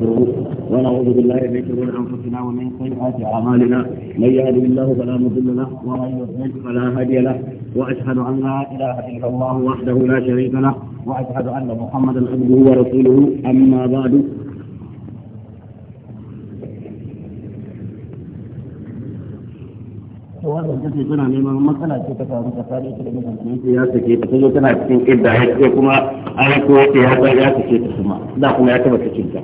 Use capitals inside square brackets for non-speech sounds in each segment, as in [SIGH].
الشرور ونعوذ بالله من شرور انفسنا ومن سيئات اعمالنا من يهده الله فلا مضل له ومن يضلل فلا هادي له واشهد ان لا اله الا الله وحده لا شريك له واشهد ان محمدا عبده ورسوله اما بعد wannan neman matsala ce ta faru tsakanin da ya ta ko ya ya ta kuma da kuma ya taba cikin ta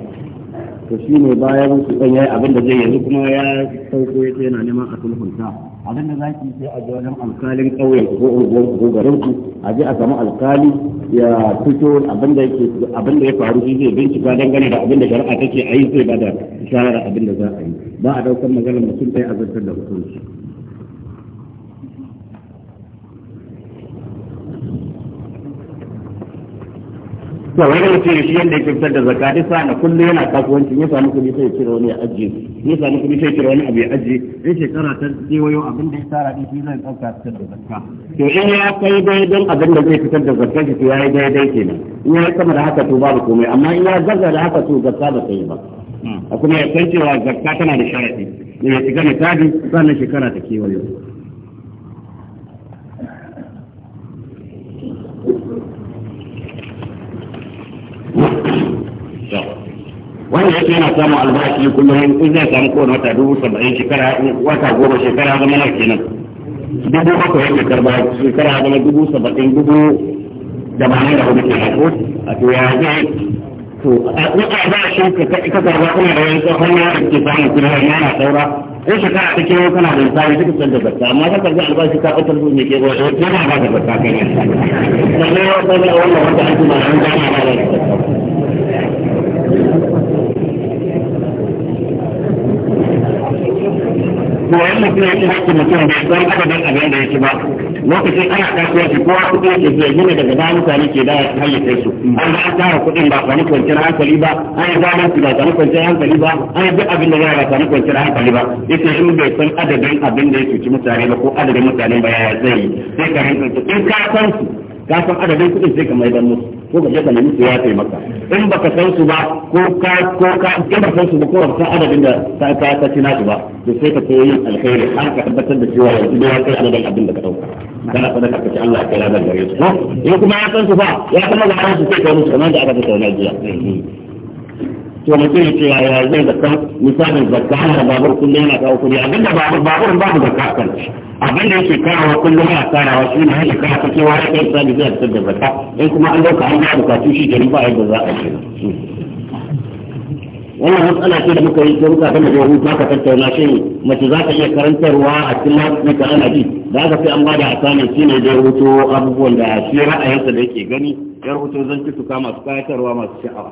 to shi ne bayan su ɗan yayi abin da zai yanzu kuma ya sauko ya yana neman a sulhunta abin da za ki sai a wajen alkalin ƙauyen ko unguwar ko garin ku a je a samu alkali ya fito abin da yake abin ya faru shi zai bincika dangane da abin da shari'a take a yi zai bada shawara abin da za a yi ba a daukar maganar mutum ɗaya a zartar da hukunci to wani mutum ya shi yadda yake fitar da zakka duk sa'a kullum yana kasuwanci ya samu kuɗi sai ya cire wani ya ajiye ya samu kuɗi sai ya cire wani abu ya ajiye in shekara ta kewayo abin da ya tara din shi zai ɗauka fitar da zakka to in ya kai daidai abin da zai fitar da zakka shi to ya yi daidai kenan in ya sama da haka to babu komai amma in ya gaza da haka to zakka ba ta yi ba a hmm. kuma ya san cewa zakka tana da sharadi ne ya shiga misali sannan shekara ta kewayo wanda yake yana samun albashi kullum in zai samu kowane wata dubu saba'in shekara wata goma shekara zama nawa kenan dubu bakwai yake karba shekara zama dubu saba'in dubu da ba da hudu kenan ko a to ya zai to in albashin ka karba kuna da wani tsohon ya da ke samun kudi har yana saura ko shekara ta kewa kana da misali duka san da zakka amma ka karbi albashi ka ɓatar zuwa ke ba ko ba ba da zakka kai sannan ya wata da wannan wata an tuna da an gana ba da zakka koyon mutum ya ci haƙƙin mutum bai san adadin abin da ya ci ba lokacin ana kasuwanci kowa kuɗi ke ke gina daga da mutane ke da hayyace su an ga an tara kuɗin ba sani kwanciyar hankali ba an yi zamanci ba sani kwanciyar hankali ba an yi duk abin da ya ba sani kwanciyar hankali ba yace in bai san adadin abin da ya cuci mutane ba ko adadin mutane ba ya zai sai ka rinka in ka san su ka san adadin kuɗin sai ka mai dan musu ko ka je ka nemi ya kai maka in baka san su ba ko ka ko ka in baka san su ba ko ka san adadin da ka ka ka tina ba to sai ka koyi alkhairi har ka tabbatar da cewa yanzu da ya kai adadin abin da ka dauka kana sadaka ka ci Allah ya kai ladan gare su in kuma ya san su ba ya san da su sai ka musu kamar da aka tattauna jiya to mutum ya ce yaya zai zakka misalin zakka ana babur kullum yana kawo kuɗi abin da babur babur babu zakka a kan shi abin da yake kawo kullum yana karawa shi ne haka kana ta cewa haka yasa da zai fitar da zakka in kuma an dauka an ga bukatu shi gari ba yadda za a ce wannan matsala ce da muka yi ko muka gama jawo ka tattauna shi mace za ta iya karantarwa a cikin lafiya ana bi da aka sai an bada asanin shi ne da rubuto abubuwan da shi ra'ayinsa da yake gani ya rubuto zan ci tuka masu kayatarwa masu sha'awa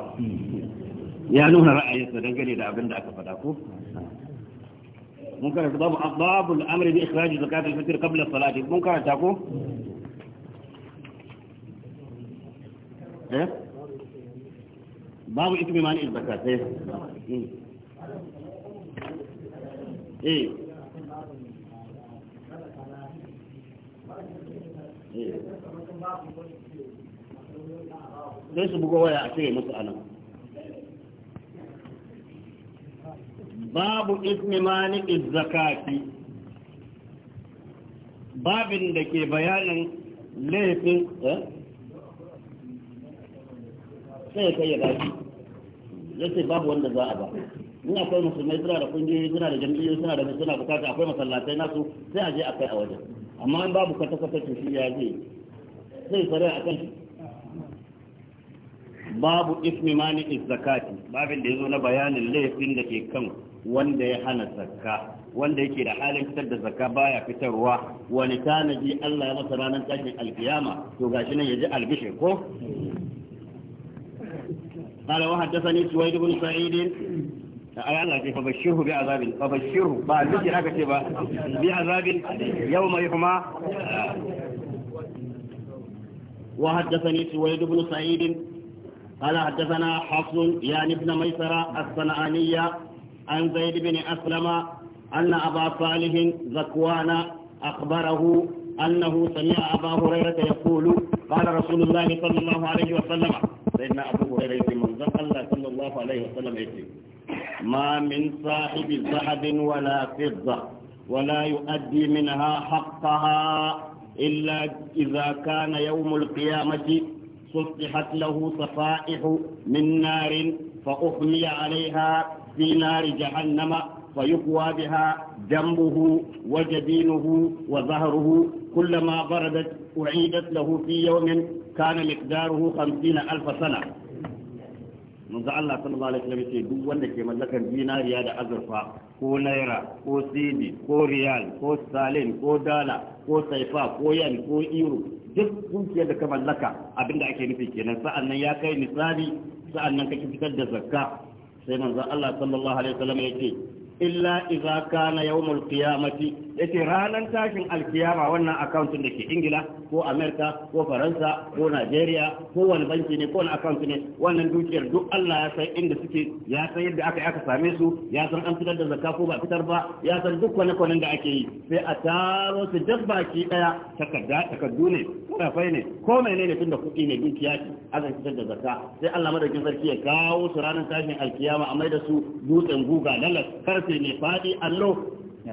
ya nuna ra'ayinsa dangane da abin da aka faɗa ko mun karanta babu babu al'amari bi ikhraji zakatul fitr qabla salati mun karanta ko eh babu itmi mani zakat eh eh sai su bugo waya a ce musu anan babu ismi mani zakati babin da ke bayanin laifin eh? sai kai ya daji ya ce babu wanda za a ba ina akwai musulmai suna da kungiyoyi suna da jam'iyyoyi suna da suna bukata akwai masallatai nasu sai a je a kai a wajen amma in babu kwata-kwata to shi ya zai sai sarai a kan babu ismi mani zakati babin da ya zo na bayanin laifin da ke kan wanda ya hana zakka wanda yake da halin fitar da zakka baya fitarwa wani tanaji Allah ya masa ranar tashin alkiyama to gashi nan yaji albishir ko قال وحدثني سويد بن سعيد أي الله كيف فبشره بعذاب فبشره بعد ذكر كتبا بعذاب يوم يحمى وحدثني سويد بن سعيد قال حدثنا حفص يعني ابن ميسرة الصنعانية عن زيد بن أسلم أن أبا صالح زكوان أخبره أنه سمع أبا هريرة يقول قال رسول الله صلى الله عليه وسلم سيدنا أبو هريرة من الله صلى الله عليه وسلم يقول ما من صاحب ذهب ولا فضة ولا يؤدي منها حقها إلا إذا كان يوم القيامة صفحت له صفائح من نار فأخمي عليها في نار جهنم فيقوى بها جنبه وجبينه وظهره كلما بردت أعيدت له في يوم كان مقداره خمسين ألف سنة manzo Allah sallallahu alaihi wasallam ce duk wanda ke mallakan zinariya da azurfa ko naira ko sidi ko riyal ko salin ko dala ko saifa ko yan ko euro duk dukiyar da ka mallaka abinda ake nufi kenan sa'annan ya kai misali sa'annan kake fitar da zakka sai manzo Allah sallallahu alaihi wasallam yake illa idza kana yawmul qiyamati yace ranan tashin alkiyama wannan account da ke Ingila ko America ko Faransa ko Nigeria ko wani banki ne ko wani account ne wannan dukiyar duk Allah ya san inda suke ya san yadda aka aka same su ya san an fitar da zakka ko ba fitar ba ya san duk wani kwanan da ake yi sai a taro su dabbaki daya takarda takardu ne kafai ne ko menene tun da kuɗi ne dukiya ce aka fitar da zakka sai Allah madaukin sarki ya kawo su ranar tashin alkiyama a mai da su dutsen guga lalas karfe ne faɗi allo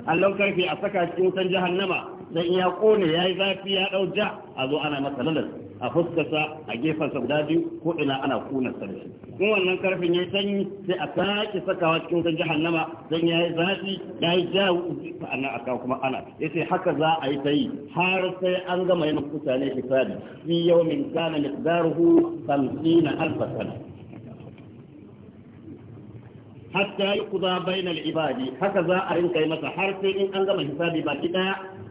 allon karfe a saka cikin wutan jahannama dan ya kone yayi zafi ya dau ja a zo ana masa lalas a fuskarsa a gefensa guda biyu ko ina ana kuna sarki ko wannan karfin ya sanyi sai a sake sakawa cikin wutar jahannama dan yi zafi yi jawo sa'annan a kawo kuma ana ce haka za a yi ta yi har sai an gama yin mutane hisabi fi min kana na 50 alf sana hatta yuqda bainal ibadi haka za a rinka yi masa har sai in an gama hisabi baki ɗaya.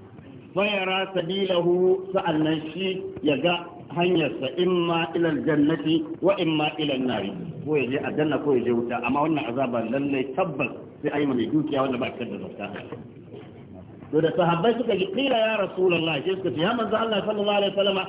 fayara sabilahu sa'annan shi ya ga hanyarsa imma ilal jannati wa imma ilal nari ko ya je aljanna ko ya je wuta amma wannan azaba lalle tabbas sai ayi mai dukiya wanda ba ka da zakka to da sahabbai suka ji qila ya rasulullahi sai suka ce ya manzo Allah sallallahu alaihi wasallama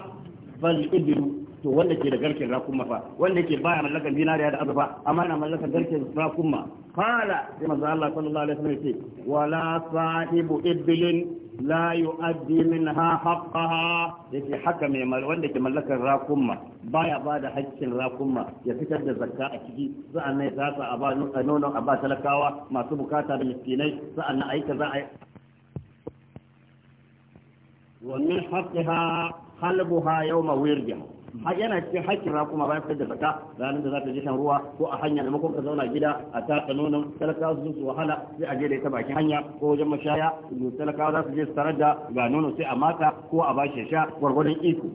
fal ibru to wanda ke da garken rakumma fa wanda ke baya mallaka dinariya da azaba amma na mallaka garken rakumma kala sai manzo Allah sallallahu alaihi wasallam ce wala sahibu iblin la yu'addi ha haqqaha yace haka mai mal wanda ke mallakar rakumma baya ba da hakkin rakumma ya fitar da zakka a ciki sa'annan ya tsasa a ba nono a ba talakawa masu bukata da miskinai sa'annan a yi kaza a wa min haqqiha halbuha yawma wirdiha yana cikin haƙƙin rakuma bayan fitar da fata ranar da za ta je shan ruwa ko a hanya makon ka zauna gida a tatsa nonon talakawa su su wahala sai a je da ita bakin hanya ko wajen mashaya talakawa za su je su tarar da ga nono sai a mata ko a bashi sha gwargwadon iko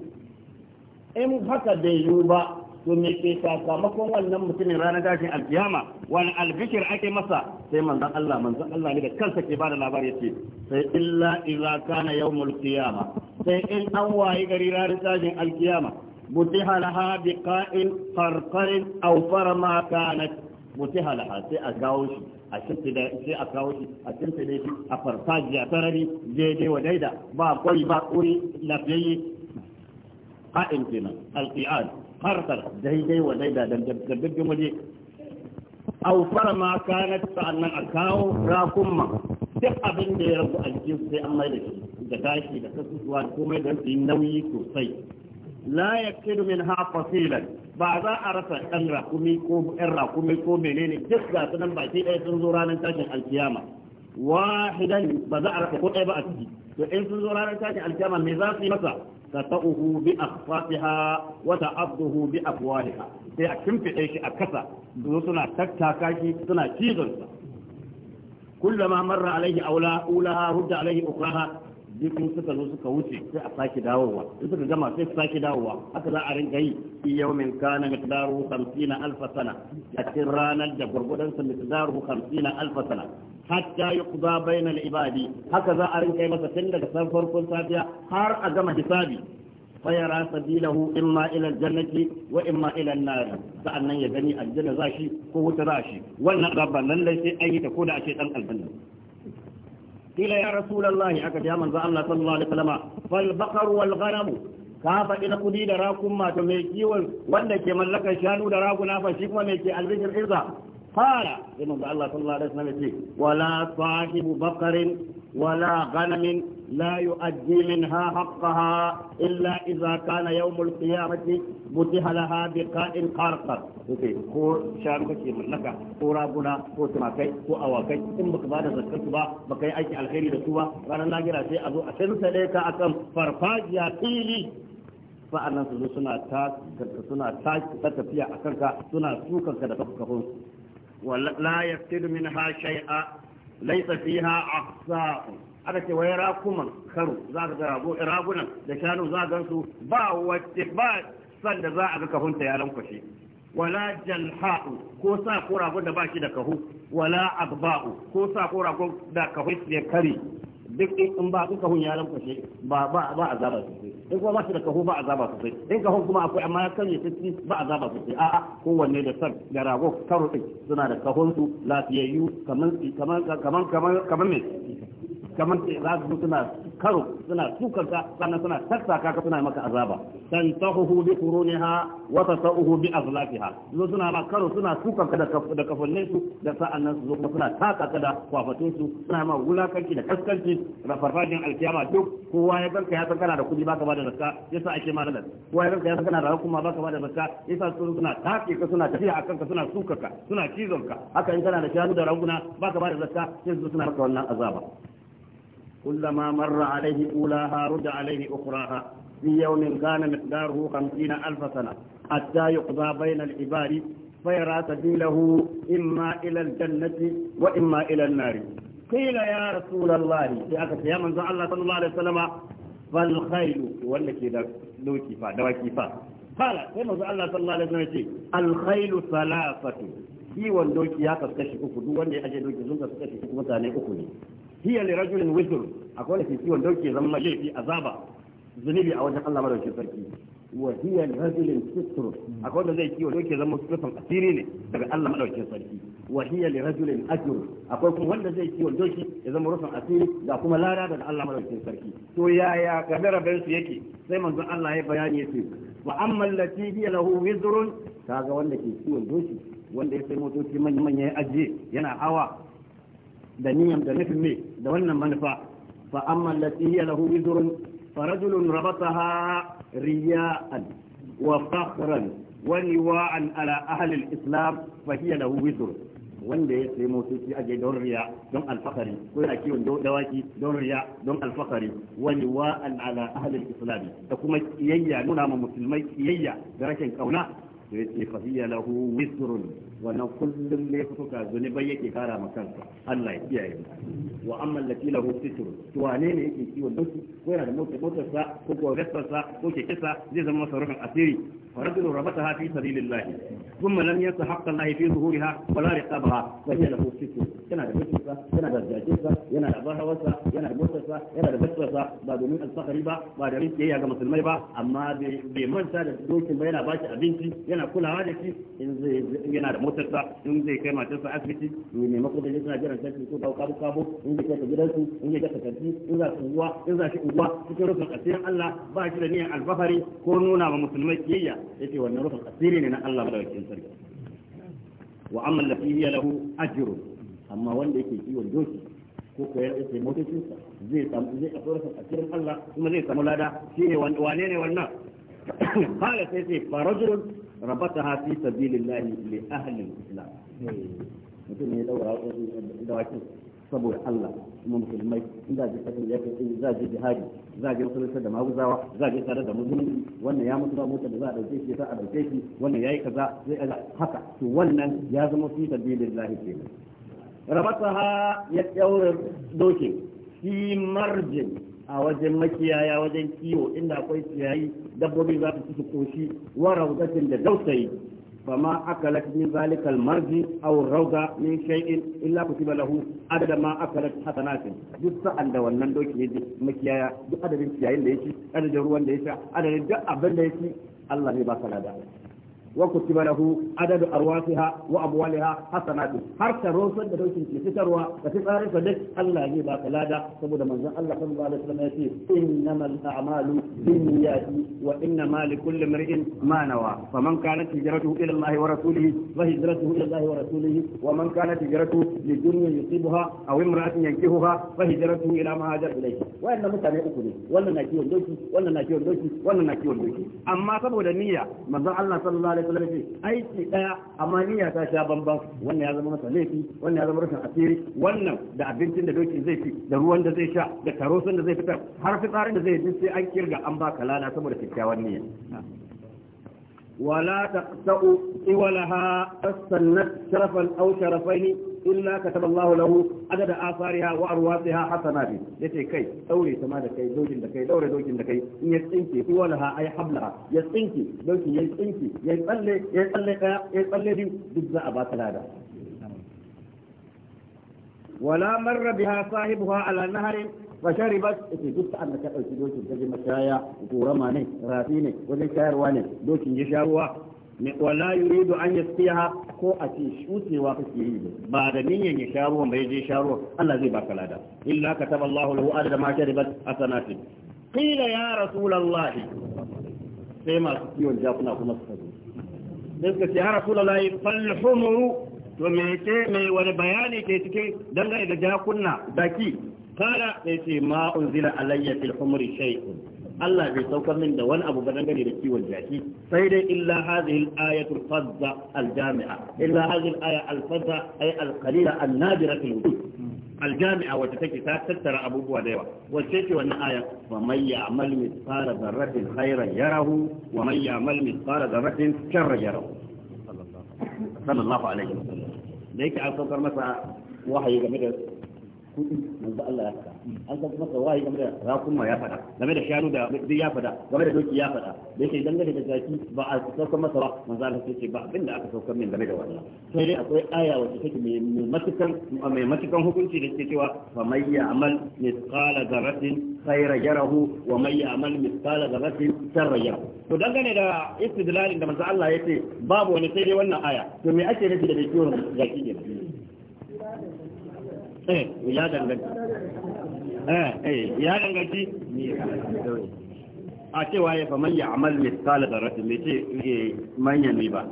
in haka da yiwu ba to me ke sakamakon wannan mutumin ranar tashin alkiyama wani albishir ake masa sai manzon Allah manzon Allah ne da kansa ke bada labari yace sai illa idza kana yawmul qiyama sai in an wayi gari ranar tashin alkiyama بتح لها بقاء قرقر أو فرما كانت بتح لها سأكاوش sai a kawo shi a cintile shi a farfajiya sarari daidai wa daida ba kwai ba kuri lafiyayye ƙa'in kenan alƙi'ad harkar daidai wa da dabbabin waje au farma kanat sa'annan a kawo rakumma duk abin da ya rabu a jikin sai an mai da shi da tashi da zuwa komai da su yi nauyi sosai la min ha fasilan ba za a rasa ɗan rakumi ko ɗan rakumi ko menene duk ga su nan baki ɗaya sun zo ranar tashin alkiyama wahidan ba za a rasa ko ɗaya ba a ciki to in sun zo ranar tashin alkiyama me za su yi masa ta'uhu bi akhfatiha wa ta'abduhu bi afwahiha sai a kimfide shi a kasa zo suna tattaka shi suna cizon sa kullama marra alaihi aula ulaha rudda alaihi ukraha duk in suka zo suka wuce sai a sake dawowa in suka gama sai su sake dawowa haka za a rinka yi fi yawmin kana miqdaru 50 alf sana a cikin ranar da gurgudan sa miqdaru 50 alf sana hatta yuqda bainal ibadi haka za a rinka yi masa tun daga san farkon safiya har a gama hisabi fayara sabilahu imma ila aljannati wa imma ila an-nar sa'annan ya gani aljanna za shi ko wuta za shi wannan rabban lallai sai an yi ta ko da a ce dan aljanna قيل يا رسول الله أكد يا من الله صلى الله عليه وسلم فالبقر والغنم kafa faɗi na da rakun mata mai kiwon wanda ke mallakar shanu da raguna fa shi kuma mai ke albishir irza fara sai manzo Allah sallallahu alaihi wasallam ce wala sahibu bakarin. ولا غنم لا يؤدي منها حقها إلا إذا كان يوم القيامة بتح لها بقاء قرقر ko shanu kake mallaka ko raguna ko tumakai ko awakai in baka ba zakkar su ba baka yi aiki alheri da su ba ranar lahira sai a zo a sai ka akan farfajiya fili sa'annan su zo suna ta suna ta tafiya akan ka suna sukan ka da kafafun la yaftidu minha shay'a laisa fiha aqsa'u aka ce wai rakuman karo za ka ga ragunan da shanu za ga su ba wacce ba san da za a ga kahunta ya lankwashe wala jalha'u ko sa ko ragun da ba shi da kahu wala abba'u ko sa ko ragun da kahu ya kare duk in ba in kahun ya lankwashe ba ba ba azaba sosai in kuma ba shi da kaho ba azaba sosai in kahon kuma akwai amma ya karye sassi ba azaba sosai a'a kowanne da san da rago karo suna da kahon su lafiyayyu kaman kaman kaman kaman me kamar ke za su suna karo suna ka sannan suna sassaka ka suna maka azaba san tahuhu bi quruniha wa tasahu bi azlafiha zo suna ma karo suna tukar da da kafannin su da sa'annan su zo suna taka ka da kwafatun su suna ma wulakanci da kaskanci da farfajin alkiyama duk kowa ya ganka ya san kana da kudi baka bada zakka yasa ake ma da kowa ya ganka ya san kana da hukuma baka bada zakka yasa su suna take ka suna tafiya akan ka suna ka suna cizon ka haka in kana da shanu da raguna baka bada zakka sai su suna maka wannan azaba كلما مر عليه أولاها رد عليه أخراها في يوم كان مقداره خمسين ألف سنة حتى يقضى بين العباد فيرى سبيله إما إلى الجنة وإما إلى النار قيل يا رسول الله يا من الله صلى الله عليه وسلم فالخيل ولا كده دوكي فا دوكي فا قال الله صلى الله عليه وسلم الخيل ثلاثة في doki ya kaskashi uku duk wanda ya aje hiya li rajulin witr akwai wanda ke ciwon dauke zama laifi azaba zunubi a wajen Allah madaukakin sarki wa hiya li rajulin sitr akwai wanda zai ciwon dauke zama sutran asiri ne daga Allah madaukakin sarki wa hiya li rajulin ajr akwai kuma wanda zai ciwon dauke ya zama rufin asiri da kuma lada daga Allah madaukakin sarki to yaya kadara bayan su yake sai manzon Allah ya bayani yake wa amma allati hiya lahu wizrun kaga wanda ke ciwon doki wanda ya sai motoci manya-manya ya ajiye yana hawa da niyyam da nufin me da wannan manufa fa amma allati hiya lahu wizrun fa rajulun rabataha riya'an wa fakhran wa niwa'an ala ahli al-islam fa hiya lahu wizrun wanda ya sai motoci aje don riya don alfakari ko yana kiwon dawaki don riya don alfakari wani wa'an ala ahlil islam da kuma kiyayya nuna ma musulmai kiyayya da rashin kauna to yace fa hiya lahu wisrun wannan kullum ne fuka zunubai yake kara ma kansa Allah ya kiyaye mu wa amma allati lahu sitru to wane ne yake kiwon doki ko yana da mota motar sa ko ko vespa sa ko ke kisa zai zama masa rufin asiri farajul rabataha fi sabilillah thumma lam yasa haqqa Allah fi zuhuriha wa la riqabaha wa hiya lahu sitru yana da motar yana da jaje yana da bahawarsa yana da motar sa yana da vespa sa ba domin alfahari ba ba da rike ya ga musulmai ba amma bai manta da dokin ba yana ba shi abinci yana kulawa da shi in zai yana da motarsa in zai kai matarsa asibiti ne ne mako da yana jiran tashi ko ba kabu kabu in zai kai gidansu in zai kai kanti in za su uwa in za shi uwa cikin rufin asirin Allah ba shi da niyyar alfahari ko nuna wa musulmai kiyayya yace wannan rufin asiri ne na Allah madaukakin sarki wa amma lafi ya lahu ajru amma wanda yake kiwon doki ko ko da sai motocinsa zai samu zai a tsoron asirin Allah kuma zai samu lada shine wane ne wannan [COUGHS] قال سيدي فرجل ربطها في سبيل الله لأهل الإسلام مثل هي دورة دواكين صبور الله ممكن ما يزاجي كتن يكتن يزاجي بهاجي زاجي وصل السادة ما هو زاوة زاجي سادة مدين وانا يا مطلع موتا بزاعد الجيش يساعد الجيش وانا يا كزا حقا وانا يازم في سبيل الله ربطها يتور دوشي في مرجل a wajen makiyaya wajen kiwo inda akwai ciyayi dabbobi za su ci koshi wa raudatin da dausayi fama akalat min zalikal marji aw rauda min shay'in illa kutiba lahu adada ma akalat hasanatin duk sa'an da wannan doki ya makiyaya duk adadin ciyayin da ya ci adadin ruwan da ya adadin duk abin da ya ci Allah ne ba lada وكتب له عدد أرواحها وأموالها حسنات حتى روسا بدوش تفتروا فتفارس دك الله يبا كلادا سبود من الله صلى الله عليه وسلم يسير إنما الأعمال بالنيات وإنما لكل امرئ ما نوى فمن كانت هجرته إلى الله ورسوله فهجرته إلى الله ورسوله ومن كانت هجرته لدنيا يصيبها أو امرأة ينكهها فهجرته إلى ما هاجر إليه وإن متى uku ne wannan na kiwon doki wannan na kiwon doki wannan na kiwon doki amma saboda الله manzon Allah sallallahu alaihi sallallahu aiki daya amma niyya ta sha bamban wannan ya zama masa laifi wannan ya zama rashin asiri wannan da abincin da doki zai fi da ruwan da zai sha da karosun da zai fitar har fitsarin da zai ji sai an kirga an ba lana saboda kyakkyawan niyya ولا تقطع طولها فاستنت شرفا أو شرفين إلا كتب الله له عدد آثارها وأرواثها حسنات يتي كي دوري سما دا كي زوجين دا كي دوري زوجين دا كي إن يسقنكي طولها أي حبلها يسقنكي زوجي يسقنكي يتقلي يتقلي يتقلي دي بجزاء باطلها دا ولا مر بها صاحبها على نهر fa sharibat ita duk sa'an da ka dauki dokin ta je mashaya gorama ne rafi ne wajen shayarwa ne dokin ya sha ruwa wala yuridu an yasqiha ko a ce shutewa kake yi ba da niyyar ya sha ruwan bai je sha ruwan Allah zai baka lada illa kataba Allahu lahu adada ma sharibat asanati qila ya rasulullah sai masu kiwon jakuna kuma suka zo sai suka ce ya rasulullah fal humru to me ke me wani bayani ke cike dangane da jakunna daki قال يتي ما أنزل علي في الحمر شيء Allah bai saukar min da wani abu ba dangane da kiwon jaki sai dai illa hadhihi al-ayatu al-fadda al-jami'a illa hadhihi al-aya al-fadda ay al-qalila an-nadira fil wujud al-jami'a wacce take ta tattara abubuwa da yawa wacce ce wannan aya wa man ya'mal mithqala dharratin khairan yarahu wa man ya'mal mithqala dharratin sharran yarahu sallallahu alaihi wasallam da yake an saukar masa wahayi game da manzo Allah ya faɗa an san kuma kawai game da rakuma ya faɗa game da shanu da duk ya faɗa game da doki ya faɗa da yake dangane da zaki ba a saukar masa ba manzo Allah ya ce ba abin da aka saukar min game da wannan sai dai akwai aya wacce take mai matukan mai matukan hukunci da take cewa fa mai ya'mal mithqala dharratin khayra yarahu wa may ya'mal mithqala dharratin sharra yarahu to dangane da istidlalin da manzo Allah ya ce babu wani sai dai wannan aya to me ake nufi da kiwon zaki ne Eh, ya danganta eh, eh, ya danganci a cewa ya fa man ya amal misal zarratin me ce manyan ne ba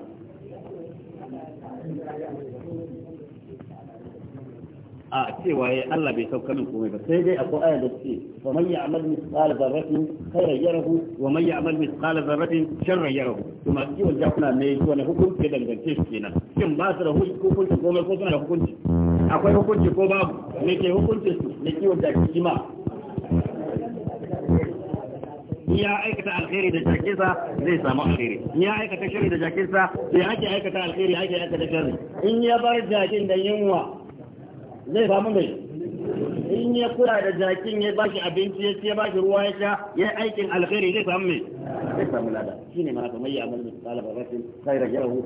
a cewa ya Allah bai sauka min komai ba sai dai akwai ayar da ce mai tsala da mithqala kai khayran rahu wa tsala da mithqala shan sharran rahu to masu kiwon jakuna ne wani hukunci dangance shi kenan shin ba su da hukunci komai ko suna da hukunci akwai hukunci ko babu me ke hukunci su ke kiwon jaki shi ma ya aikata alheri da jakinsa zai samu alheri ya aikata shari da jakinsa sai ake aikata alheri ake aikata shari in ya bar jakin da yunwa zai samu mai in ya kula da jakin ya bashi abinci ya ce bashi ruwa ya sha ya aikin alheri zai samu mai zai samu lada shine mana kamar ya amal misal yarahu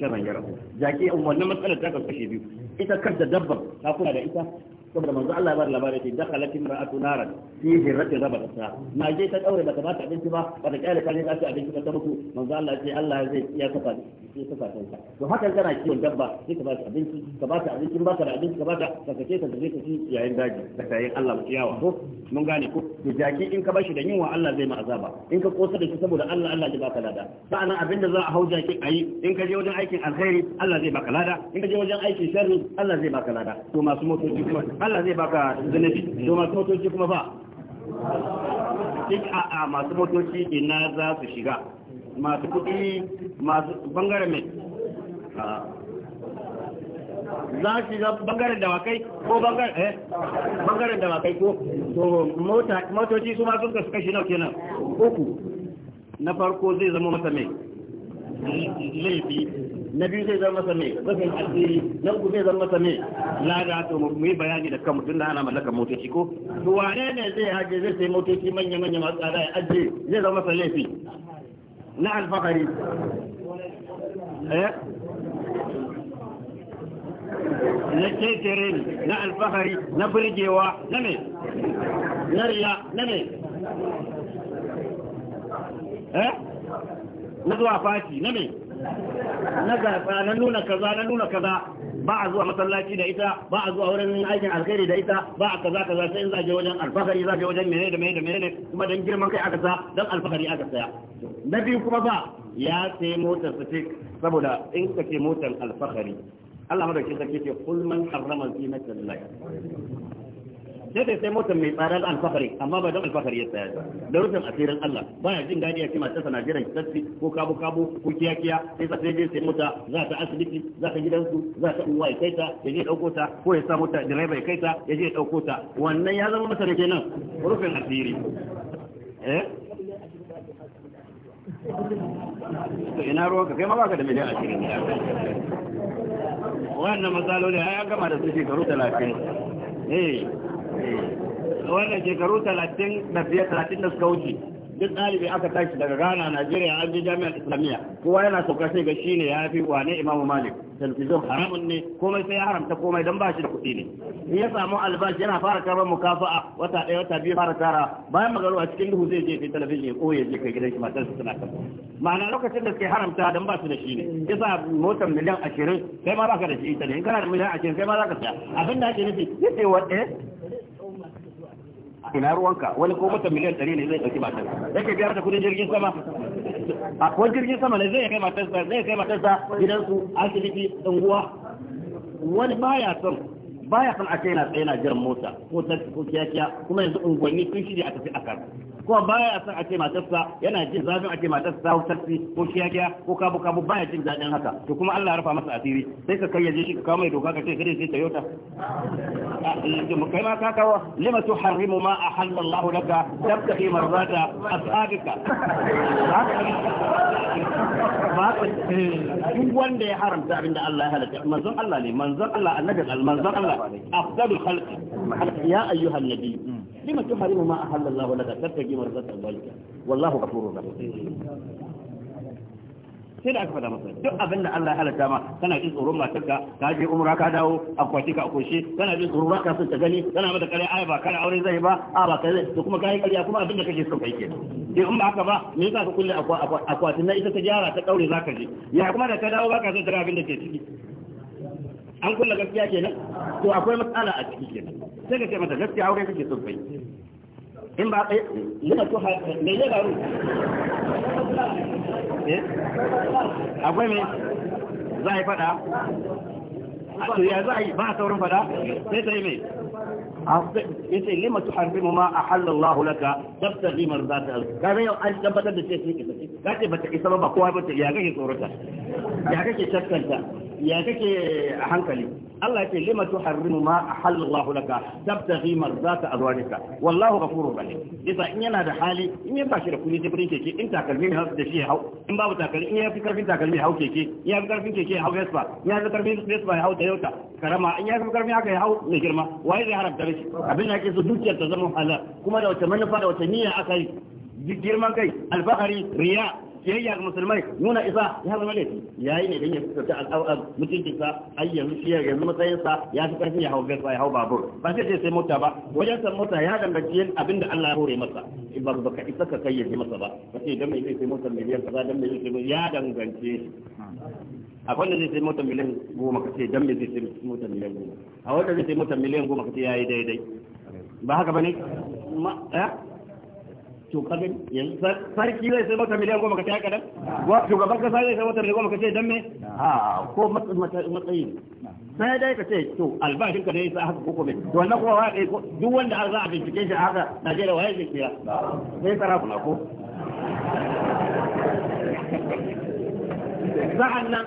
yarahu jaki wannan matsalar ta kasu kashe biyu ita kanta ta kula da ita saboda manzo Allah ya labari ce fi na je ta daure ba ta abinci ba kyale kare ta abinci manzo Allah ce Allah zai to haka kana kiwon dabba sai ka ba abinci ka abinci ba da abinci ka ka kace ta ci yayin daji da yayin Allah mu kiyawa ko mun gane ko to jaki in ka bashi da yunwa Allah zai ma azaba in ka kosa da shi saboda Allah Allah zai baka lada sa'annan abinda za a hauja ki ayi in ka je wajen aikin alkhairi Allah zai baka lada in ka je wajen aikin sharri Allah zai baka lada to masu motoci kuma Allah zai baka zanabi to masu motoci kuma ba a a masu motoci ina za su shiga masu kuɗi masu bangaren mai za su ga bangaren dawakai ko bangaren eh, dawakai ko to motoci su ma sun kasu kashi nau kenan uku na farko zai zama masa mai laifi na biyu zai zama masa mai kasan asiri na uku zai zama masa mai lada to mu yi bayani da kan tun da ana mallakar motoci ko to wane ne zai haje zai sai motoci manya manya masu tsada ya ajiye zai zama masa laifi na alfahari eh? na ƙetare na alfahari na birgewa na me na riya na me eh na zuwa fati na me na zaɓa na nuna kaza na nuna kaza ba a zuwa masallaci da ita ba a zuwa wurin aikin alkhairi da ita ba a kaza kaza sai in zage wajen alfahari zage wajen mene da mene da mene kuma dan girman kai aka sa dan alfahari aka saya na biyu kuma ba ya sai motar su saboda in ka motar alfahari Allah madaukin sarki ce kul man harrama zinatal lahi sai dai sai motar mai tsarar alfahari amma ba don alfahari ya tsaya da rufin asirin Allah baya jin dadi ya ce masu sana jiran ki ko kabu kabu ko kiya kiya sai sa sai sai mota za ta asibiti za ta gidansu za ta uwa ya kai ta ya je dauko ta ko ya sa mota direba ya kai ta ya je dauko ta wannan ya zama masa da kenan rufin asiri eh ina ruwan ka kai ma baka da miliyan ashirin wannan matsaloli ya gama da su shekaru talatin eh, eh. wannan shekaru talatin da fiye talatin da suka wuce duk ɗalibi aka tashi daga Ghana Najeriya an je jami'ar Islamiyya kowa yana sauka sai ga shine ya fi wane Imam Malik talbizon haramun ne komai sai ya haramta komai dan ba shi da kuɗi ne in ya samu albashi yana fara karɓar mukafa'a wata ɗaya wata biyu fara tara bayan a cikin duhu zai je kai talabijin ya koye je kai gidan shi matar su tana kan ma'ana lokacin da suke haramta dan ba da shi ne yasa motar miliyan ashirin kai ma baka da shi ita ne in kana da miliyan ashirin kai ma za ka siya abin da ake nufi yace wa eh? ina ruwanka wani ko mutum miliyan ɗari ne zai ɗauki matar yake biyar da kudin jirgin sama a kuwan jirgin sama ne zai kai matarsa zai kai matarsa gidansu asibiti unguwa wani baya son baya son a kai na tsaye na jiran mota ko ta ko kiyakiya kuma yanzu unguwanni sun shirya a tafi a kan kuma baya son a ce matarsa yana jin zafin a ce matarsa ta tarsi ko kiyakiya ko kabu kabu baya jin daɗin haka to kuma Allah ya rufa masa asiri sai ka kayyaje shi ka kawo mai doka ka ce kare sai Toyota ah, eh, kai ma ka kawo lima tuharrimu ma ahalla Allah laka tabtaqi marzata ashabika eh, duk wanda ya haramta abin da Allah ya halatta manzon Allah ne manzon Allah annabi manzon Allah afdalul khalqi ya ayyuhan nabi لما تحرم ما أحل الله لك تبتغي مرضات أزواجك والله غفور رحيم sai da aka faɗa masa duk abin da Allah ya halatta ma kana jin tsoron matarka ka je umra ka dawo akwati ka akoshi kana jin tsoron ba ka son ta gani kana mata kare ai ba kana aure zai ba a ba kare to kuma kai kariya kuma abin da kake so kai ke. in in ba haka ba me yasa ka kulle akwatin na ita ta gyara ta daure zaka je ya kuma da ka dawo ba ka san tara abin da ke ciki an kulle gaskiya kenan to akwai matsala a ciki kenan sai ka ce mata gaskiya aure kake kai in ba kai ya garu eh akwai me za a fada to ya za a yi ba saurin fada sai ta yi me yace lima tuharrimu ma ahalla Allah laka tabtaghi mardata yau an tabbatar da bata isa ba kowa ya kake tsorata ya kake shakkanta ya kake a hankali Allah yake lima tuharrimu ma ahalla Allah laka tabtaghi marzata azwajika wallahu ghafurur rahim isa in yana da hali in ya bashi da kuɗi jibrin keke in takalmi ne da shi hau in babu takalmi in ya fi karfin takalmi hau keke in ya fi karfin keke hau vespa in ya fi karfin vespa ya hau toyota karama in ya fi karfin haka ya hau mai girma waye zai haramta shi abin da yake so dukiyar ta zama halal kuma da wata manufa da wata niyya aka yi girman kai alfahari riya kiyayya ga musulmai nuna isa ya zama laifi yayi ne dan ya fita al'awar mutuncin sa ayyan shiya ga matsayin sa ya fi karfi ya hau gaisa ya hau babur ba sai sai sai mota ba wajen san mota ya danganci yin abin da Allah ya hore masa ba ba ka isa ka kayyade masa ba sai dan mai sai mota miliyan kaza dan mai sai ya dangance a wanda zai sai mota miliyan goma ka ce dan mai zai sai mota miliyan goma a wanda zai sai mota miliyan goma ka ce yayi daidai ba haka bane to yanzu sarki zai sai maka miliyan goma ka ce haka shugaban kasa zai sai maka miliyan goma ka ce dan me a ko matsayi sai dai ka ce to albashin ka ne sai haka ko kome to wannan kuma wai duk wanda an za a bincike shi haka Najeriya waye zai kira sai sarakuna ko sa'an nan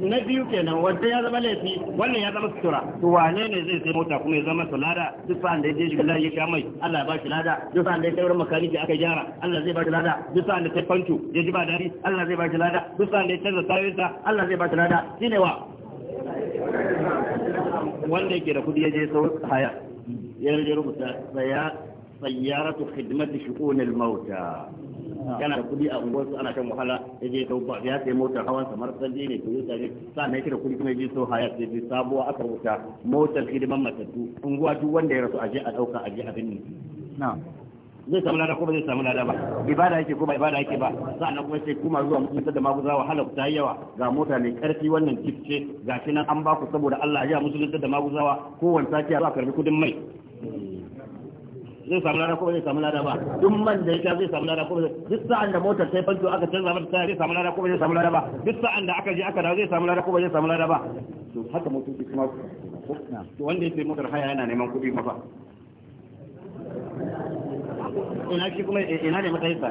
na biyu kenan wanda ya zama laifi wannan ya zama sutura to wane ne zai sai mota kuma ya zama sulada duk sa'an da ya je shi billahi ya sha mai Allah ya ba shi lada duk sa'an da ya kai makaniki aka gyara Allah zai ba shi lada duk sa'an da ta fanto ya ji ba dadi Allah zai ba shi lada duk sa'an da ya canza tayoyinsa Allah zai ba shi lada shine wa wanda yake da kudi ya je sau haya ya rubuta sayaratu khidmati shu'unil mauta yana da kuɗi a unguwar su ana kan wahala ya je dau ba ya sai motar hawan sa marsandi ne to yasa ne sa ne kira kuɗi kuma je so haya sai bi sabuwa aka wuta motar hidiman matattu unguwa duk wanda ya rasu a je a dauka je a ne na zai samu lada ko ba zai samu lada ba ibada yake ko ba ibada yake ba sa'annan kuma sai kuma zuwa mutunta da maguza wahala ku ta yawa ga mota mai karfi wannan kifce gashi nan an ba ku saboda Allah ya musulunta da maguzawa kowanne sati a karbi kudin mai zai samu lada ko ba zai samu lada ba duk man da ya zai samu lada ko ba duk sa'an da motar sai fanto aka canza mata taya zai samu lada ko ba zai samu lada ba duk sa'an da aka je aka dawo zai samu lada ko ba zai samu lada ba to haka motoci kuma to wanda yake motar haya yana neman kuɗi ba ina shi kuma eh, ina ne matsayin sa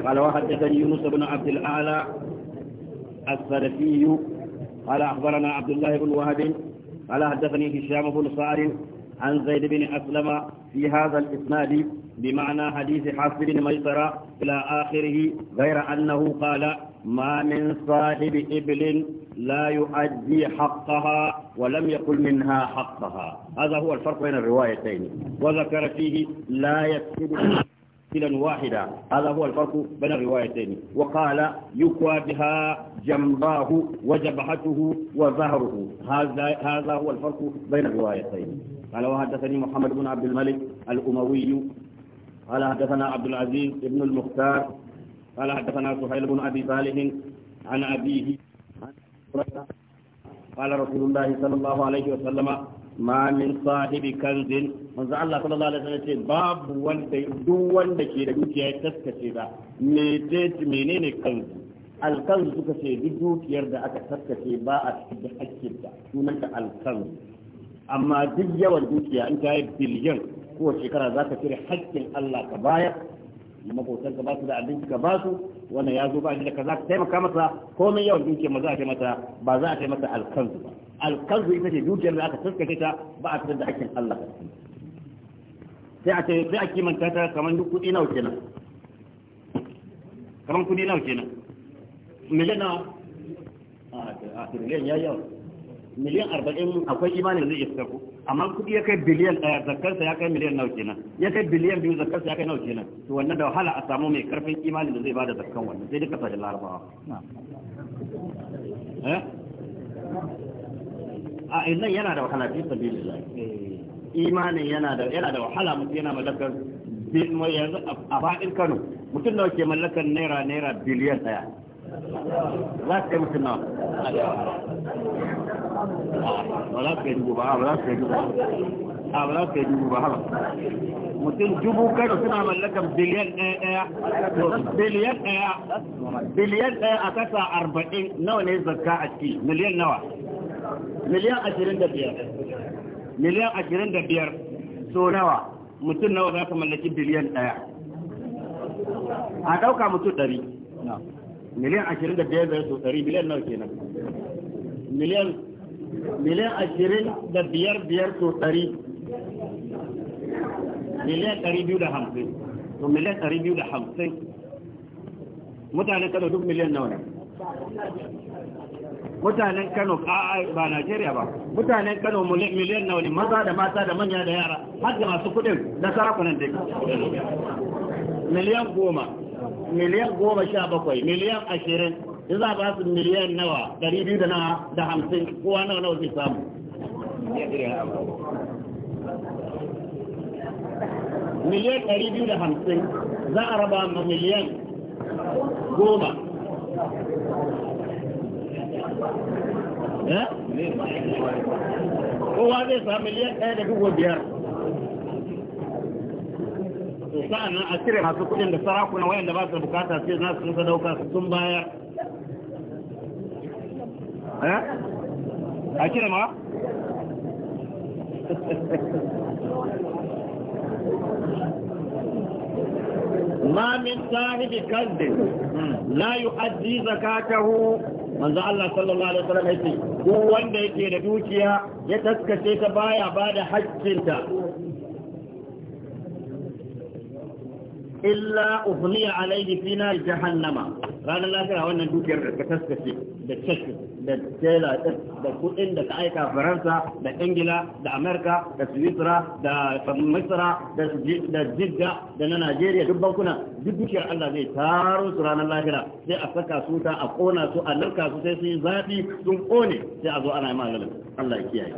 قال وحدثني يونس بن عبد الاعلى السلفي قال أخبرنا عبد الله بن وهب قال حدثني هشام بن صار عن زيد بن أسلم في هذا الإسناد بمعنى حديث حفص بن ميسرة إلى آخره غير أنه قال ما من صاحب إبل لا يؤدي حقها ولم يقل منها حقها هذا هو الفرق بين الروايتين وذكر فيه لا يكتب كلا واحدة هذا هو الفرق بين الروايتين وقال يكوى بها جنباه وجبهته وظهره هذا هذا هو الفرق بين الروايتين قال وحدثني محمد بن عبد الملك الأموي قال حدثنا عبد العزيز بن المختار قال حدثنا سهيل بن أبي صالح عن أبيه قال رسول الله صلى الله عليه وسلم ما من صاحب كنز manzo Allah sallallahu alaihi wasallam ce babu wanda duk wanda ke da dukiya ya taskace ba me ce menene kanzu alkanzu suka ce duk dukiyar da aka taskace ba a cikin da hakkin ta sunanta alkanzu amma duk yawan dukiya in ta yi biliyan ko shekara za ka cire haƙƙin Allah ka bayar da makotan ka basu da abinci ka basu su wannan ya zo ba shi ka za ka taimaka masa komai yawan dukiya ma za a taimaka ba za a taimaka alkanzu ba alkanzu ita ce dukiyar da aka taskace ta ba a fitar da haƙƙin Allah ka sai a sai a kimanta ta kamar duk kuɗi nawa kenan kamar kuɗi nawa kenan miliyan nawa a tiriliyan ya yawa miliyan arba'in akwai imanin zai iska ku amma kudi ya kai biliyan daya zakarsa ya kai miliyan nawa kenan ya kai biliyan biyu zakarsa ya kai nawa kenan to wannan da wahala a samu mai karfin imanin da zai bada zakkan wannan sai duka sajin larabawa eh? a eh, nan yana da wahala fi sabilillah eh. imanin yana da yana da wahala mutum yana mallakar bin mai yanzu a faɗin Kano mutum da yake mallakar naira naira biliyan daya za ka yi mutum na ba za ka dubu ba ba za ka yi dubu ba ba za dubu ba mutum dubu kano suna mallakar biliyan ɗaya ɗaya biliyan ɗaya biliyan ɗaya a kasa arba'in nawa ne zakka a ciki miliyan nawa miliyan ashirin da biyar miliyan ashirin da biyar so nawa mutum nawa za ka mallaki biliyan ɗaya a ɗauka mutum ɗari miliyan ashirin da biyar zai so ɗari miliyan nawa kenan miliyan miliyan ashirin da biyar biyar so ɗari miliyan ɗari biyu da hamsin to miliyan ɗari biyu da hamsin mutane kada duk miliyan nawa ne mutanen Kano a'a ba Najeriya ba mutanen Kano miliyan nawa ne maza da mata da manya da yara har da masu kudin na sarakunan da miliyan goma miliyan goma sha bakwai miliyan ashirin in za ba su miliyan nawa ɗari biyu da nawa da hamsin kowa nawa nawa zai samu miliyan ɗari biyu da hamsin za a raba ma miliyan goma Eh? kowa zai sami miliyan ɗaya da dubu biyar sa'annan a cire masu kudin da sarakuna wayanda ba su bukata sai na su sadauka sun bayar eh? a cire ma? [LAUGHS] manzo Allah sallallahu alaihi wasallam yace duk wanda yake da dukiya ya taskace ta baya bada haƙƙinta illa uhliya alaihi fi nar jahannama ranar lafiya wannan dukiyar da ka taskace da cek da jela da kuɗin da ka aika faransa da ingila da amerika da swisra da misra da jidda da na najeriya duk bankuna duk dukiyar allah zai taro su ranar lafiya sai a saka su ta a kona su a nanka su sai sun zafi sun kone sai a zo ana yi malalin allah ya kiyaye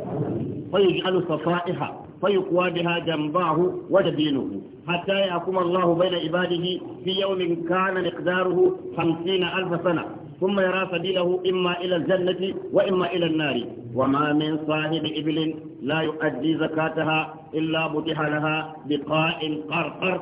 fa alufa safa'iha فيقوى بها جنباه وجبينه حتى يحكم الله بين عباده في يوم كان مقداره خمسين ألف سنة ثم يرى سبيله إما إلى الجنة وإما إلى النار وما من صاحب إبل لا يؤدي زكاتها إلا بتح لها بقاء قرقر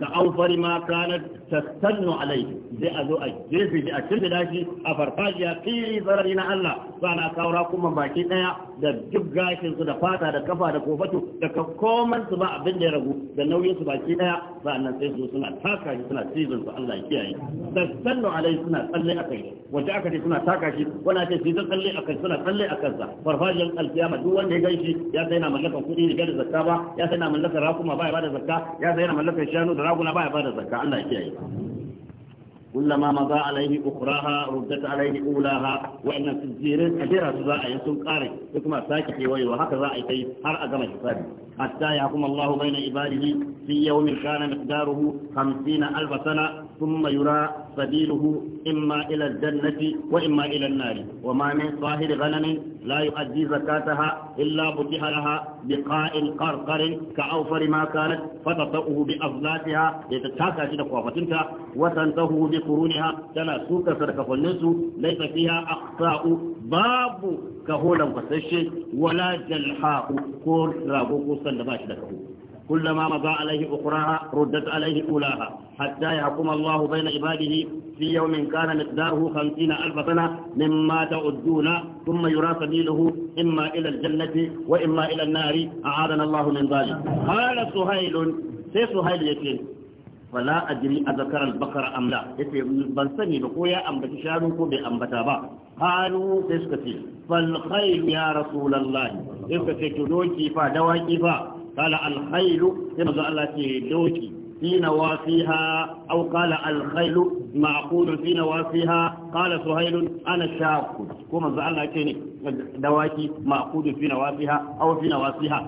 كأوفر ما كانت tastannu alai zai a zo a girbe a cirbe dashi a farfajiya fili zarari na Allah sana kawo kuma baki daya da duk gashin su da fata da kafa da kofatu da koman su ba abin da ya ragu da nauyin su baki daya nan sai su suna taka shi suna cizon su Allah ya kiyaye tastannu alai suna tsalle akai wanda aka ce suna taka shi wanda ce cizon tsalle a kai suna tsalle akan sa farfajiyar alkiyama duk wanda ya ganshi ya sai na mallakar kuɗi da zakka ba ya sai na mallakar rakuma ba ya ba da zakka ya sai na mallakar shanu da raguna ba ya ba da zakka Allah ya kiyaye كلما مضى عليه أخراها ردت عليه أولاها وإن في الزير كثيرة تزاع يسوق قارئ ثم ساكت وي وهكذا أتي هر أقام حسابه حتى يحكم الله بين عباده في يوم كان مقداره خمسين ألف سنة ثم يرى سبيله إما إلى الجنة وإما إلى النار وما من صاهر غنم لا يؤدي زكاتها إلا فتح لها بقاء قرقر كأوفر ما كانت فتطأه بأفلاتها لتتاكى شدك وفتنك وتنتهه بقرونها كان سوك صدق فالنس ليس فيها أخطاء باب كهولا وسشي ولا جلحاء كور رابوك سندباش لكهو كلما مضى عليه أخراها ردت عليه أولاها حتى يحكم الله بين عباده في يوم كان مقداره خمسين ألف سنة مما تعدون ثم يرى سبيله إما إلى الجنة وإما إلى النار أعاذنا الله من ذلك قال سهيل سي سهيل يكين فلا أدري أذكر البقرة أم لا يتي بنسني بقويا أم بتشارك بأم بتابا قالوا فالخيل يا رسول الله يسكتي كيفا دوا كيفا kala alkhailu sai manzo Allah ce doki fi nawafiha aw qala alkhailu ma'qul fi nawafiha qala suhayl ana shaq ko manzo Allah ce ne dawaki ma'qul fi nawafiha aw fi nawafiha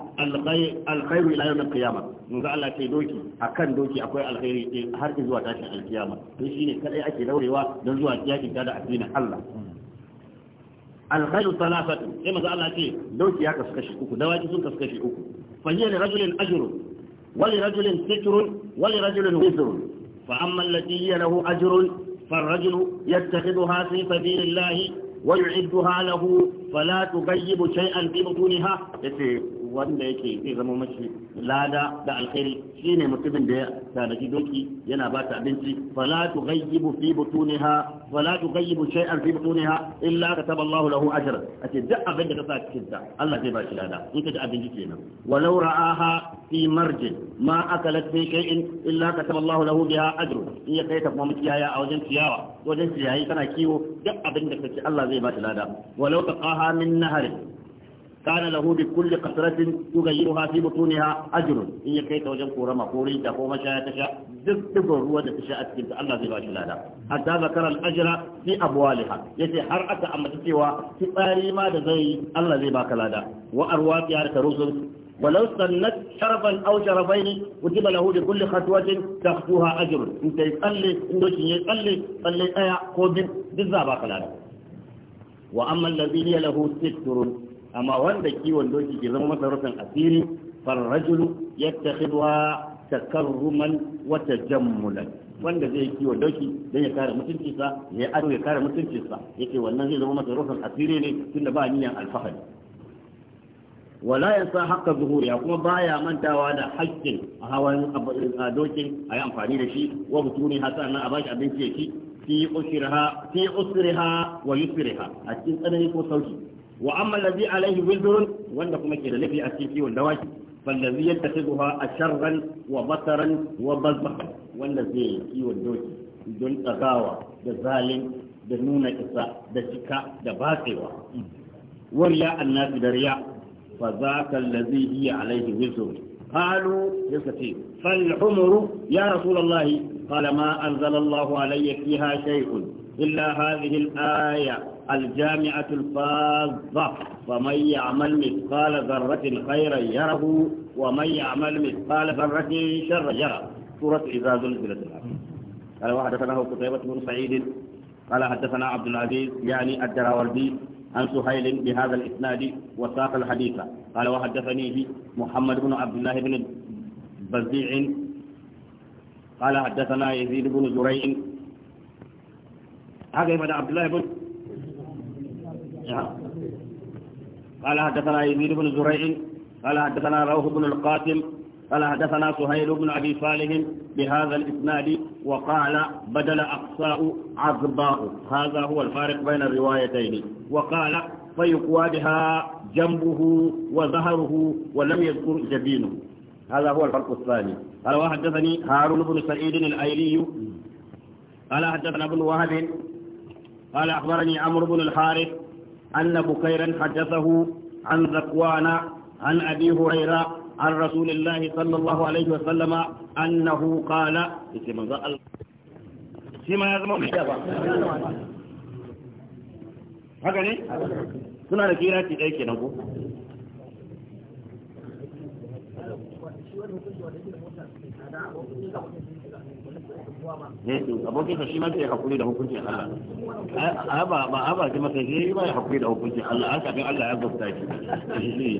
alkhairu ila yawm alqiyamah manzo Allah ce doki akan doki akwai alkhairi har zuwa tashin alkiyama to shine kadai ake daurewa don zuwa yaki da addinin Allah alkhairu salafatu sai manzo Allah ce doki ya kasu uku dawaki sun kasu uku فهي لرجل أجر ولرجل ستر ولرجل وزر فأما التي هي له أجر فالرجل يتخذها في سبيل الله ويعدها له فلا تغيب شيئا في بطونها إيه؟ wanda yake zai zama mashi lada da alkhairi shine mutumin da ya tanaji doki yana ba ta abinci fala tughayyibu fi butuniha fala tughayyibu shay'an fi butuniha illa kataba Allah lahu ajran ace duk abin da ka sa cikin ta Allah zai ba shi lada in ka ji abinci kenan walau ra'aha fi marjin ma akalat fi shay'in illa kataba Allah lahu biha ajrun in ya kai ta kuma ciyaya a wajen ciyawa wajen ciyayi kana kiwo duk abin da ka Allah zai ba shi lada walau taqaha min naharin كان له بكل قطرة يغيرها في بطونها أجر إن يكيت وجن كورما كوري تقوم شاء تشاء دبر هو تشاء أتكلت الله في باشي لا حتى ذكر الأجر في أبوالها يتي حرأة أما تسوى تقاري ما دزي الله في باك لا وأرواقها ترسل ولو سنت شرفا او شرفين وجب له لكل خطوه تخطوها اجر انت يقلي انت يقلي قلي ايا خذ بالذابه كلام واما الذي له ستر amma wanda kiwon doki ke zama masa rufin asiri farrajulu yattakhidha takarruman wa tajammulan wanda zai kiwo doki don ya kare mutuncinsa ya ado ya kare mutuncinsa ce wannan zai zama masa rufin asiri ne tun da ba niyan alfahari wala yansa haqqa zuhuriya kuma baya mantawa da haƙƙin hawan dokin ayi amfani da shi wa butuni hasan nan a bashi abinci ya ci fi fi usriha wa yusriha a cikin tsanani ko sauki وأما الذي عليه وزر وأنكم كده لبي اسيتي والدواجي فالذي يتخذها أشرا وبطرا وبزخا والذي يودوكي دون تغاوى دزالم دنون إساء بشكاء دباطوة ورياء الناس برياء فذاك الذي هي عليه وزر قالوا يستطيع فالعمر يا رسول الله قال ما أنزل الله علي فيها شيء إلا هذه الآية الجامعة الفاظة فمن يعمل مثقال ذرة خيرا يره ومن يعمل مثقال ذرة شرا يره سورة إذا زلزلت الأرض قال وحدثناه قتيبة بن سعيد قال حدثنا عبد العزيز يعني الدراوردي عن سهيل بهذا الإسناد وساق الحديث قال وحدثني محمد بن عبد الله بن بزيع قال حدثنا يزيد بن زريع هذا عبد الله بن نعم. قال حدثنا يزيد بن زريع قال حدثنا روح بن القاسم قال حدثنا سهيل بن أبي صالح بهذا الإسناد وقال بدل أقصاء عظباء هذا هو الفارق بين الروايتين وقال فيقوى بها جنبه وظهره ولم يذكر جبينه هذا هو الفرق الثاني قال وحدثني هارون بن سعيد الأيلي قال حدثنا ابن وهب قال أخبرني عمرو بن الحارث أن بكيرا حدثه عن ذكوان عن أبي هريرة عن رسول الله صلى الله عليه وسلم أنه قال فيما يزمون haka ne suna da kira ce ɗaya kenan ko Thank you. Eh, abokin shi ma zai hakuri da hukuncin Allah ba ba ba ji masa shi ma ya hakuri da hukuncin Allah an kafin Allah ya gafta shi eh,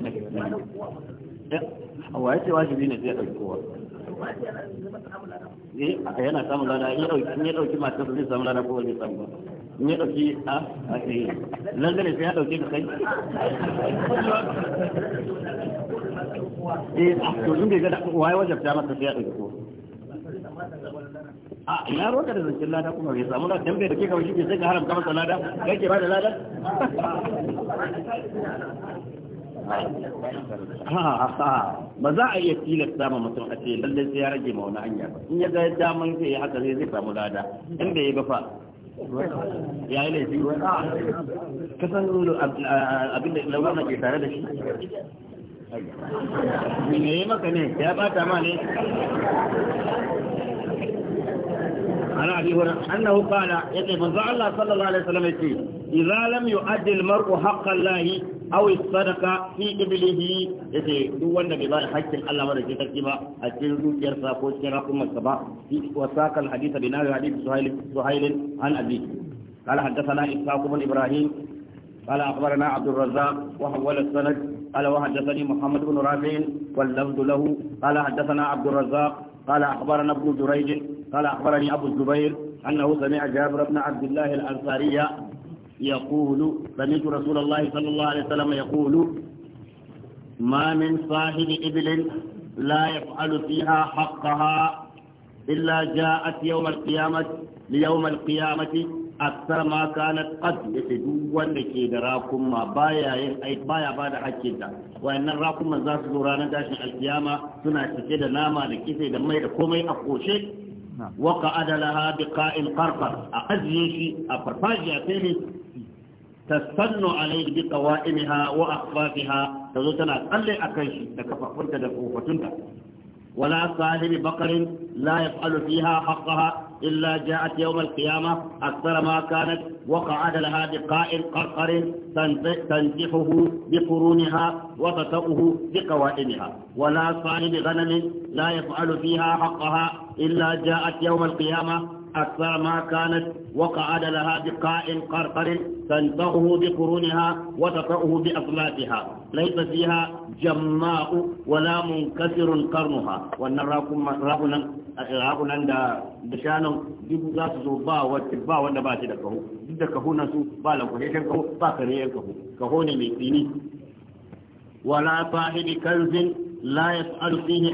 ya ce wajibi ne zai ɗauki kowa eh yana samun lada ya ɗauki zai lada kowa zai samu in ya ɗauki a nan gane eh, sai ya ka kai eh to in bai wajabta masa sai ya ɗauki kowa a ina roƙa da zancen lada kuma bai samu lada dambe da ke kawai shi ke sai ka haramta masa lada kai ke ba da lada ba za a iya tilasta ma mutum a ce lallai sai ya rage ma wani hanya ba in ya ga daman sai ya haka zai samu lada in bai ba fa ya yi laifi ka san eh, abin da na ke tare da shi me ya maka ne ya bata ma ne عن أبي هريرة أنه قال يعني من الله صلى الله عليه وسلم يقول إذا لم يؤدي المرء حق الله أو الصدقة في إبله يتي يعني دو النبي بضاء حق الله ورجي تكتبا أتين دو جرسا فوشك رقم السبا وساق الحديث بناوي حديث سهيل, سهيل عن أبي قال حدثنا إسحاق بن إبراهيم قال أخبرنا عبد الرزاق وحول السند قال وحدثني محمد بن رافع واللفظ له قال حدثنا عبد الرزاق قال أخبرنا ابن جريج قال أخبرني أبو الزبير أنه سمع جابر بن عبد الله الأنصاري يقول سمعت رسول الله صلى الله عليه وسلم يقول ما من صاحب إبل لا يفعل فيها حقها إلا جاءت يوم القيامة ليوم القيامة أكثر ما كانت قد يتدوى لكي دراكم ما بايا أي بايا بعد حكيدا وإن الراكم من ذات زورانا داشن القيامة سنة تكيدا ناما لكي سيدا ميدا أخوشي وقعد لها بقاء القرقر أقزيش أفرفاجع فيه تستن عليه بقوائمها وأخفافها تزوتنا قل أكيش تكففنك دفوفتنك ولا صاحب بقر لا يفعل فيها حقها إلا جاءت يوم القيامة أكثر ما كانت وقعد لها بقاء قرقر تنزحه بقرونها وتتأه بقوائمها ولا صاحب غنم لا يفعل فيها حقها إلا جاءت يوم القيامة أكثر ما كانت وقعد لها بقاء قرقر تنطقه بقرونها وتطأه بأطلافها ليس فيها جماء ولا منكسر قرنها وأن راقنا ragunan da da shanun duk za su zo ba wacce ba wanda ba shi da kaho duk da kaho su ba lankwashe kaho ba kare kaho kaho ne mai tsini wala sahibi kanzin la yas'alu fihi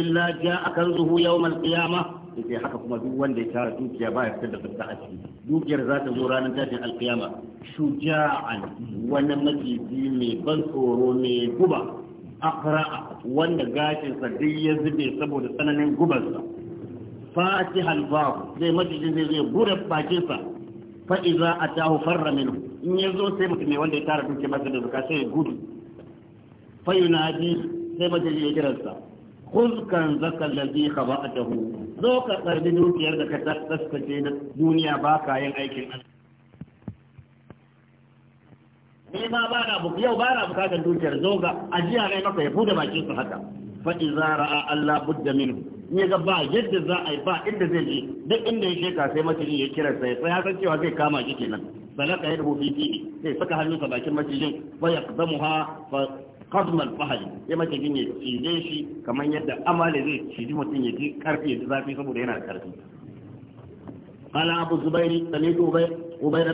illa ja'a kanzuhu yawm al-qiyamah yace haka kuma duk wanda ya tara dukiya ba ya fitar da zakka a ciki dukiyar za ta zo ranar tashin alkiyama shuja'an wani maciji mai ban tsoro mai guba akra'a wanda gashinsa duk ya zube saboda tsananin gubansa fatihal babu zai macijin zai zai bude bakinsa fa'iza a atahu farra minhu in ya zo sai mutum ne wanda ya tara dukiya masa da zakka sai ya gudu fa yunadi sai macijin ya kiransa khudh kan kaba a khaba'atahu zo ka tsarbi dukiyar da ka tsaskace na duniya ba ka yin aikin Allah ni ma ba na bu yau ba na bukatar dukiyar zo ga ajiya ne maka ya bude bakin su haka fa idza ra'a Allah budda minhu ni ga ba yadda za a yi ba inda zai je duk inda ya sheka sai maciji ya kira sai sai ya san cewa zai kama shi kenan balaka yadda fi fi sai saka hannunka bakin macijin fa yaqdamuha fa qadmal الفهد يما تجيني ya cije shi kamar yadda amale zai ciji mutum ya ji karfi ya ji zafi قال أبو الزبير سميت أبير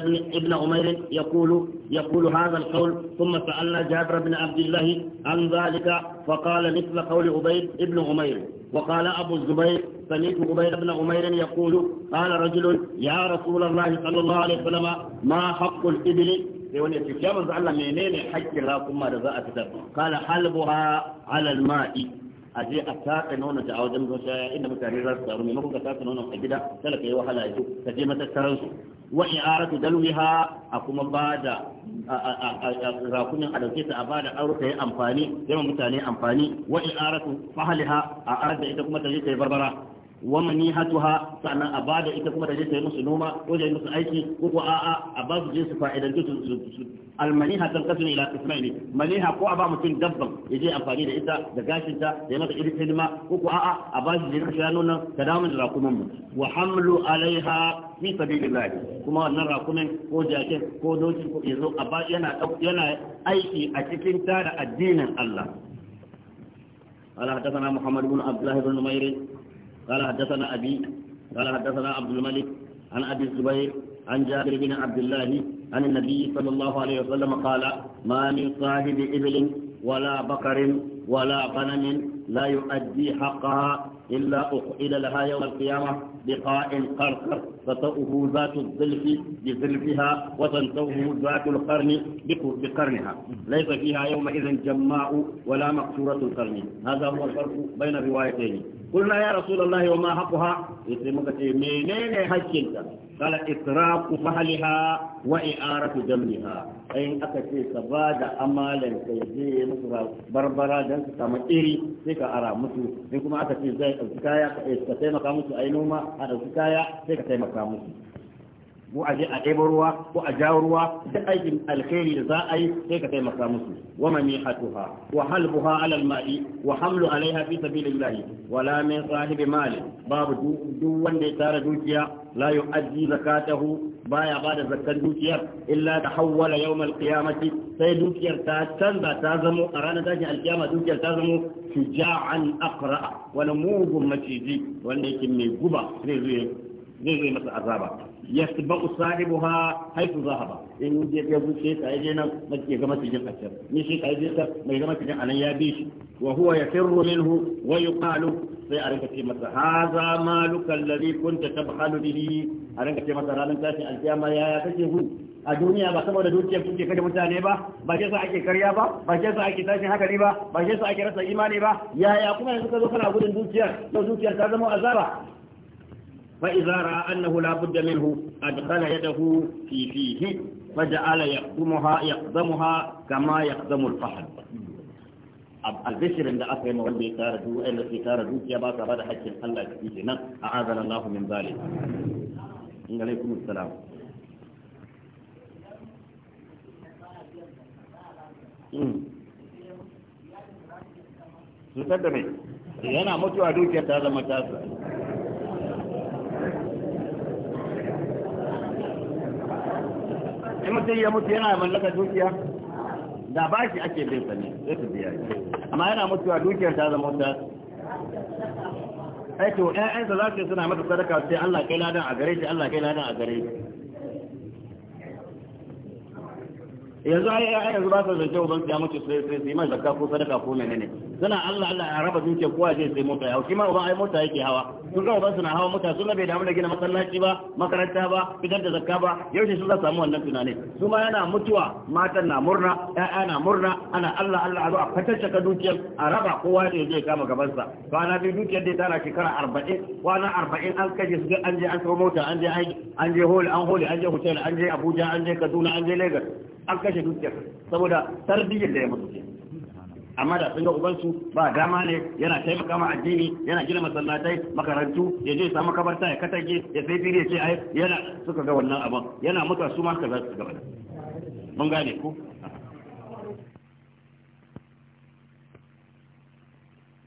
بن ابن عمير يقول يقول هذا القول ثم سألنا جابر بن عبد الله عن ذلك فقال مثل قول أبير ابن عمير وقال أبو الزبير سميت أبير بن عمير يقول قال رجل يا رسول الله صلى الله عليه وسلم ما حق الإبل sai wani ya ce ya manzo Allah menene haƙƙin raƙuma da za a fitar kala halbuha ala alma'i a je a tatsa nonon ta a wajen zuciya inda mutane za su taru maimakon ka tatsa nonon a gida kada ka yi wahala ya ka je matattaran su wa i'aratu dalwiha a kuma bada rakumin a dauke ta a bada aure ta yi amfani yamma mutane amfani wa i'aratu fahliha a arda ita kuma ta je ta yi barbara wa manihatuha sannan a bada ita kuma da je ta yi musu noma ko ta yi musu aiki ko ko a'a a ba su je su fa'idantu su almaniha tan kasu ila ismaili ha ko a ba mutum dabban ya je amfani da ita da gashin ta da da irin hidima ko ko a'a a ba su je su ya nuna ta damu da rakuman mu wa hamlu alaiha fi sabilillah kuma wannan rakumin ko jakin ko doki ko yazo a ba yana yana aiki a cikin ta da addinin Allah قال حدثنا محمد بن عبد الله بن نمير قال حدثنا أبي قال حدثنا عبد الملك عن أبي الزبير عن جابر بن عبد الله عن النبي صلى الله عليه وسلم قال ما من صاحب إبل ولا بقر ولا غنم لا يؤدي حقها إلا أخئل لها يوم القيامة بقاء قرقر فتؤه ذات الظلف بظلفها وتنتوه ذات القرن بقرنها ليس فيها يومئذ جماء ولا مقصورة القرن هذا هو الفرق بين الروايتين قلنا يا رسول الله وما حقها يسلمك منين حكينك bala itraku mahaliha wa i'aratu damliha ai in aka ce ka ba da amalan ka je musu barbara dan su samu iri sai ka ara musu in kuma aka ce zai ɗauki kaya ka taimaka musu a yi noma a ɗauki kaya sai ka taimaka musu ko a a ɗebo ruwa ko a jawo ruwa duk aikin alkhairi da za a yi sai ka taimaka musu wa hatuha wa halbuha ala alma'i wa hamlu alaiha fi sabilillah wala min sahibi mali babu duk wanda ya tara dukiya la yu'addi zakatahu baya bada zakkan dukiyar illa ta hawwala yawmal qiyamati sai dukiyar ta canza ta zamo a ranar tashin alkiyama dukiyar ta zamo shuja'an aqra wani mugun maciji wanda yake mai guba zai zo zai zo masa azaba yasba'u sahibuha haythu zahaba in je ya buce je nan nake ga masjidin a can ni shi kai je mai ga masjidin anan ya bi shi wa huwa yafirru minhu wa yuqalu sai a ce masa maluka alladhi kunta tabhalu bihi a ce masa alkiyama kake a duniya ba saboda dukiyar kuke kada mutane ba ba ke sa ake karya ba ba ke sa ake tashin hankali ba ba ke sa ake rasa imani ba yaya kuma yanzu ka zo kana gudun dukiyar to dukiyar ta zama azaba فإذا رأى أنه لا بد منه أدخل يده في فيه فجعل يقدمها يقدمها كما يقدم الفحل البشر عند أخي مولي تاردو أين في تاردو يا باك بعد حج الله كفيتنا نعم، أعاذنا الله من ذلك إن عليكم السلام Sun sadda mai, yana mutuwa dukiyar ta zama tasa. in mutum ya mutu yana mallaka dukiya da ba shi ake bin sa ne sai su biya amma yana mutuwa dukiyar ta zama ta aito ƴaƴansa za su suna mata sadaka sai Allah kai ladan a gare shi Allah kai ladan a gare shi yanzu ai ai yanzu ba su da kyau ban kiyama sai sai sai mai zakka ko sadaka ko menene suna Allah Allah ya raba duke kowa zai sai mota ya kuma uban ai mota yake hawa sun ga uban suna hawa mota sun bai damu da gina masallaci ba makaranta ba fitar da zakka ba yau shi sun za samu wannan tunanin su ma yana mutuwa matan na murna ƴaƴa na murna ana Allah Allah a zo a fatacce ka dukiyar a raba kowa ne zai kama gaban sa kwana bi dukiyar da tana shekara 40 kwana 40 an kaje su an je an samu mota an je an je holi an holi an je hotel an je Abuja an je Kaduna an je Lagos an kashe dukiyar saboda tarbiyyar da ya mutu amma da sun ga ubansu ba dama ne yana taimaka ma addini yana gina masallatai makarantu ya je samu kabarta ya katage ya sai fili ya ce ai yana suka ga wannan abin yana mutuwa su ma ka za su gaba mun gane ko